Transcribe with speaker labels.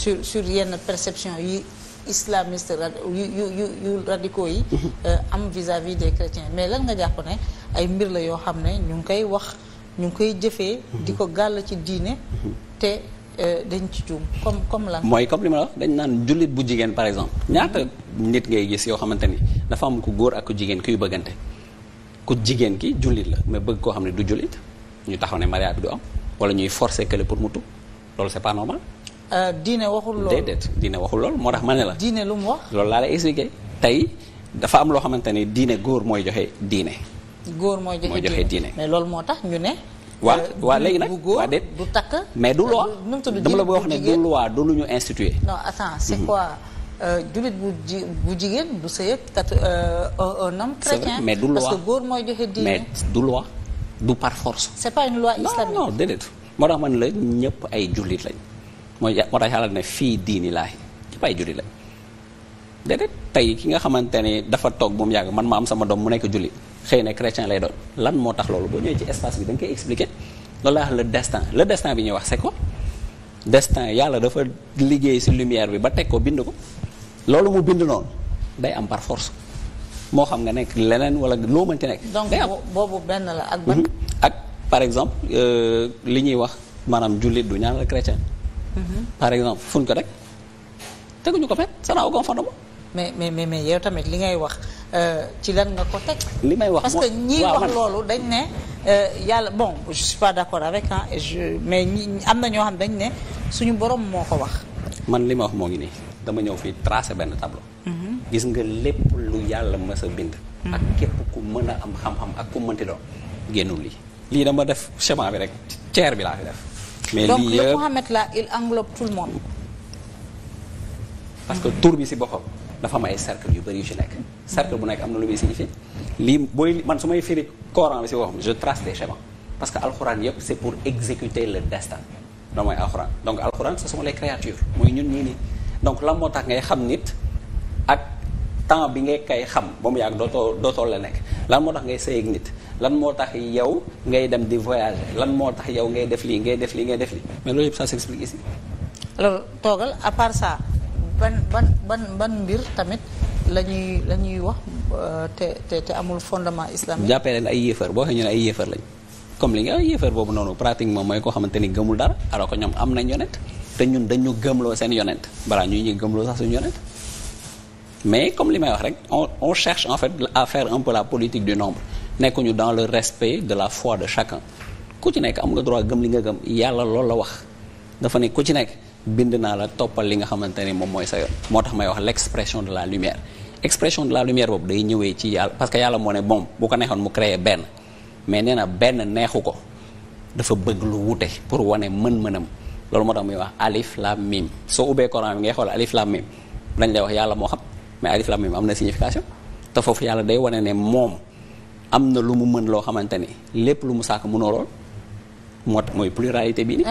Speaker 1: sur sur yenn perception yi islamiste yu yu yu yi mhm. euh, am vis-à-vis des chrétiens mais lan nga jàpp ne ay mbir la yoo xam ne ñu ngi koy wax ñu ngi koy jëfee mhm. di ko gàll ci diine mhm. te euh, dañ ci juum comme comme lan mooy
Speaker 2: comme li ma la dañ naan jullit bu jigéen par exemple ñaata nit ngay gis yoo xamante ni dafa am ku góor ak ku jigéen yu bëggante ku jigéen ki jullit la mais bëgg koo xam ne du jullit ñu taxaw ne mariage bi du am wala ñuy forcer kële pour mu tuub loolu c'est pas normal
Speaker 1: Euh, diine waxul lool déedéet
Speaker 2: diine lool moo tax ma ne la. diine lu mu wax loolu laa lay expliqué tey dafa am loo xamante ni diine góor mooy joxe diine.
Speaker 1: góor mooy joxe diine mais loolu moo tax ñu ne.
Speaker 2: waa euh, waa léegi nag waa déet du takk mais du loi dama la bëgg wax ne du loi du lu ñu institué.
Speaker 1: non attends c'est mhm. quoi. Euh, bu bu jigéen du sëy ak kat un homme mais du loi parce góor mooy joxe diine
Speaker 2: du loi du par force. c'est pas
Speaker 1: une loi islamique
Speaker 2: non non moo tax man la ñëpp ay jullit lañ. mooy moo tax yàlla ne fii diini laahi ñëpp ay julli lañ déedéet tey ki nga xamante ni dafa toog bu mu yàgg man ma am sama doom mu nekk julli xëy na chrétien lay doon lan moo tax loolu boo ñëwee ci espace bi da nga koy expliquer loolu laa wax destin bi ñuy wax c'est quoi destin yàlla dafa liggéey ci lumière bi ba teg ko bind ko loolu mu bind noonu day am par force moo xam nga nekk leneen wala loo mënti nekk.
Speaker 1: day am donc boobu benn la ak ban.
Speaker 2: Mm-hmm. ak par exemple euh, li ñuy wax maanaam jullit du ñaan la chrétien. par exemple fuñ ko rek
Speaker 1: teguñu ko fenn sa n'a aucun fondement mais mais mais mais yow tamit li ngay wax euh, ci lan nga ko teg.
Speaker 2: li may wax parce que ñii
Speaker 1: dañ ne euh, yàlla bon je suis pas d'accord avec ah je mais ñi am na ñoo xam dañ ne suñu borom moo ko wax.
Speaker 2: man li ma wax moo ngi nii dama ñëw fii tracer benn tableau. Mhm. gis nga lépp lu yàlla mës a bind. Mhm. ak képp ku mën a am xam-xam ak ku mënti doon génnul lii. lii dama def chemin bi rek ceer bi laa fi def. mais donc le la
Speaker 1: Mohamed là il englobe tout le monde.
Speaker 2: parce que tur bi si boppam dafa am ay cercle yu bëri yu ci nekk. cercle bu nekk am na lu muy signifié lii booy man su may firi Coran bi si boppam je trace des schémas parce que alxuraan yëpp c' pour exécuter le destin. loolu mooy alxuraan donc alxuraan ce sont les créatures mooy ñun ñii nii donc lan moo tax ngay xam nit ak temps bi ngay kay xam ba mu yàgg dootoo dootoo la nekk lan moo tax ngay sëy ak nit. lan moo tax yow ngay dem di voyager lan moo tax yow ngay def lii ngay def lii ngay def lii mais loolu yëpp ça s'explique ici.
Speaker 1: alors toogal à part ça ban ban ban ban mbir tamit la ñuy la ñuy wax euh, te te te amul fondement islamique.
Speaker 2: jàppee leen ay yéefar boo ñu ne ay yéefar comme li nga ay yéefar boobu noonu pratiquement mooy koo xamante ni gëmul dara alors que ñoom am nañ yonent te ñun dañu gëmloo seen yonent balaa ñuy ñu gëmloo sax suñu yonent mais comme li may wax rek on on cherche en fait à faire un politique du nombre. nekkuñu dans le respect de la foi de chacun ku ci nekk am nga droit gëm li nga gëm yàlla loolu la wax dafa ne ku ci nekk bind naa la toppal li nga xamante ne moom mooy sa yoon moo tax may wax l'expression de la lumière expression de la lumière boobu day ñëwee ci yàlla parce que yàlla moo moom bu ko benn mais nee na benn neexu ko dafa bëgg lu wute pour wane mën-mënam loolu moo tax muy wax alif lam mim soo ubbee Coran bi ngay xool alif lam mim dañ lay wax yàlla moo xam mais alif lam mim am na signification te foofu yàlla day wane ne moom am na lu mu mën loo xamante ne lépp lu mu sàkk mënoo lool mooy pluralité bi ni